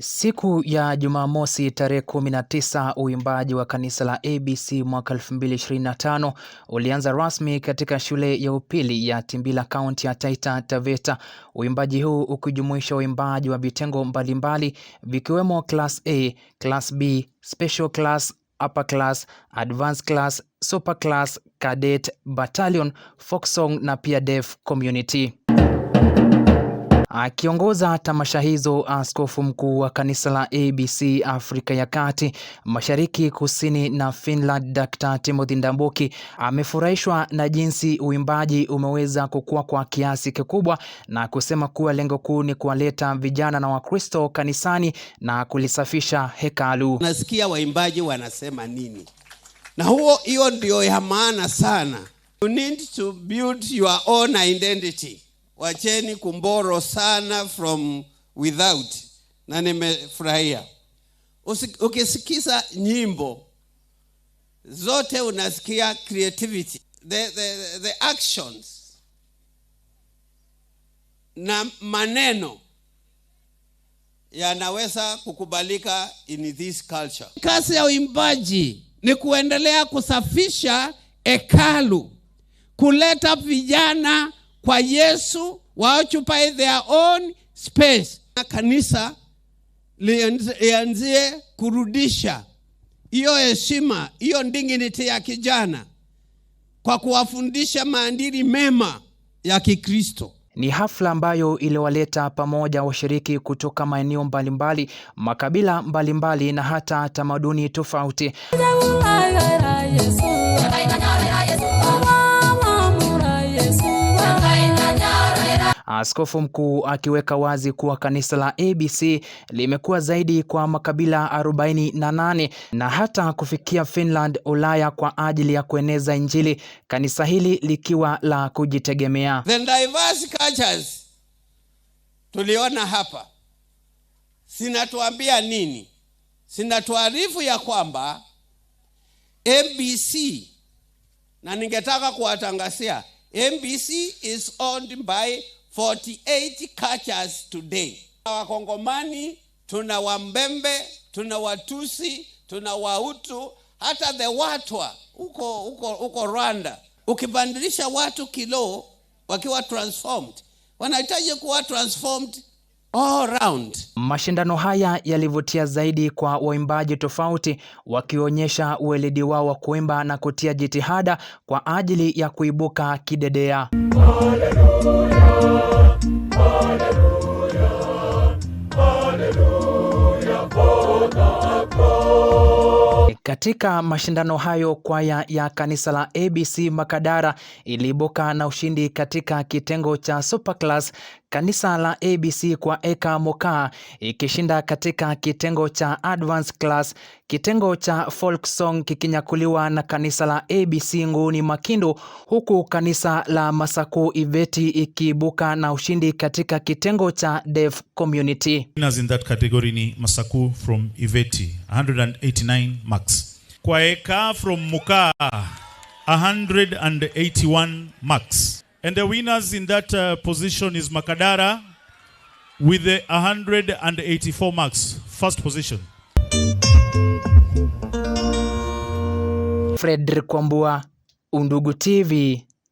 Siku ya Jumamosi tarehe 19 uimbaji wa kanisa la ABC mwaka 225 ulianza rasmi katika shule ya upili ya Timbila kaunti ya Taita Taveta, uimbaji huu ukijumuisha uimbaji wa vitengo mbalimbali vikiwemo class A, class B, special class upper class, advanced class, super class, cadet, battalion, folk song na pia deaf community. Akiongoza tamasha hizo, askofu mkuu wa kanisa la ABC Afrika ya Kati, Mashariki, Kusini na Finland, Dr. Timothy Ndambuki amefurahishwa na jinsi uimbaji umeweza kukua kwa kiasi kikubwa na kusema kuwa lengo kuu ni kuwaleta vijana na Wakristo kanisani na kulisafisha hekalu. Nasikia waimbaji wanasema nini, na huo hiyo ndio ya maana sana. You need to build your own identity wacheni kumboro sana from without na nimefurahia ukisikiza nyimbo zote unasikia creativity the, the, the actions na maneno yanaweza kukubalika in this culture kazi ya uimbaji ni kuendelea kusafisha hekalu kuleta vijana kwa yesu occupy their own space na kanisa lianzie kurudisha hiyo heshima hiyo dignity ya kijana kwa kuwafundisha maadili mema ya Kikristo. Ni hafla ambayo iliwaleta pamoja washiriki kutoka maeneo mbalimbali, makabila mbalimbali mbali, na hata tamaduni tofauti Askofu mkuu akiweka wazi kuwa kanisa la ABC limekuwa zaidi kwa makabila 48 na hata kufikia Finland, Ulaya kwa ajili ya kueneza Injili, kanisa hili likiwa la kujitegemea. The diverse cultures tuliona hapa sinatuambia nini? Sinatuarifu ya kwamba MBC na ningetaka kuwatangazia MBC is owned by 48 cultures today. Wakongomani tuna Wambembe, tuna Watusi, tuna Wautu, hata the Watwa huko huko huko Rwanda. Ukibadilisha watu kilo wakiwa transformed, wanahitaji kuwa transformed all round. Mashindano haya yalivutia zaidi kwa waimbaji tofauti wakionyesha ueledi wao wa kuimba na kutia jitihada kwa ajili ya kuibuka kidedea. Hallelujah. Katika mashindano hayo kwaya ya kanisa la ABC Makadara iliibuka na ushindi katika kitengo cha Superclass kanisa la ABC kwa Eka Mokaa ikishinda katika kitengo cha Advanced Class, kitengo cha Folk Song kikinyakuliwa na kanisa la ABC Nguuni Makindu, huku kanisa la Masaku Iveti ikiibuka na ushindi katika kitengo cha Deaf Community. Winners in that category ni Masaku from Iveti. 189 marks. Kwaeka from Mukaa, 181 marks. And the winners in that uh, position is Makadara with the 184 marks, first position. Fredrick Kwambua, Undugu TV.